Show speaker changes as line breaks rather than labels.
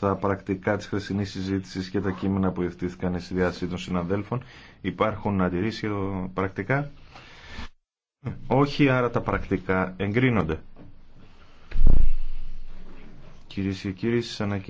τα πρακτικά της χθεσινής συζήτηση και τα κείμενα που ευθύθηκαν στη διάστηση των συναδέλφων υπάρχουν αντιρρήσει πρακτικά. Όχι, άρα τα πρακτικά εγκρίνονται.
Κυρίε και κύριοι,